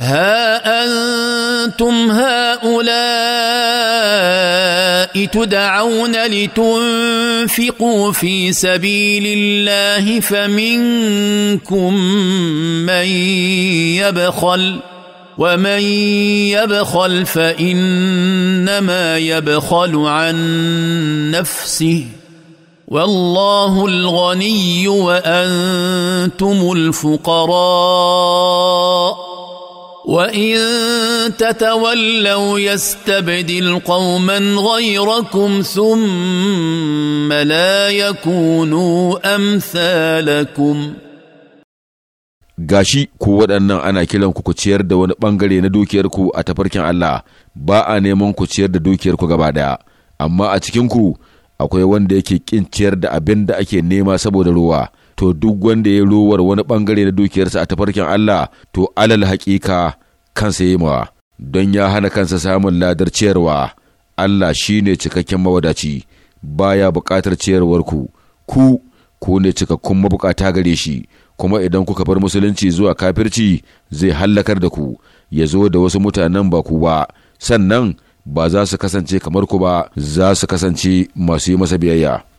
ها انتم هؤلاء تدعون لتنفقوا في سبيل الله فمنكم من يبخل ومن يبخل فانما يبخل عن نفسه والله الغني وانتم الفقراء وان تتولوا يستبدل قوما غيركم ثم لا يكونوا امثالكم gashi ku waɗannan ana kiran ku ciyar da wani ɓangare na dukiyarku a tafarkin Allah ba a neman ku ciyar da dukiyarku gaba ɗaya amma a cikinku akwai wanda yake ƙin ciyar da abin da ake nema saboda ruwa to duk wanda ya rowar wani ɓangare na dukiyarsa a tafarkin Allah to alal haƙiƙa kansa yi mawa don ya hana kansa samun ladar ciyarwa Allah shi ne cikakken mawadaci baya buƙatar ciyarwarku ku ku ne cikakkun mabukata gare shi kuma idan kuka bar musulunci zuwa kafirci zai hallakar da ku ya zo da wasu mutanen ba ku ba sannan ba za su kasance kamar ku ba za su kasance masu yi masa biyayya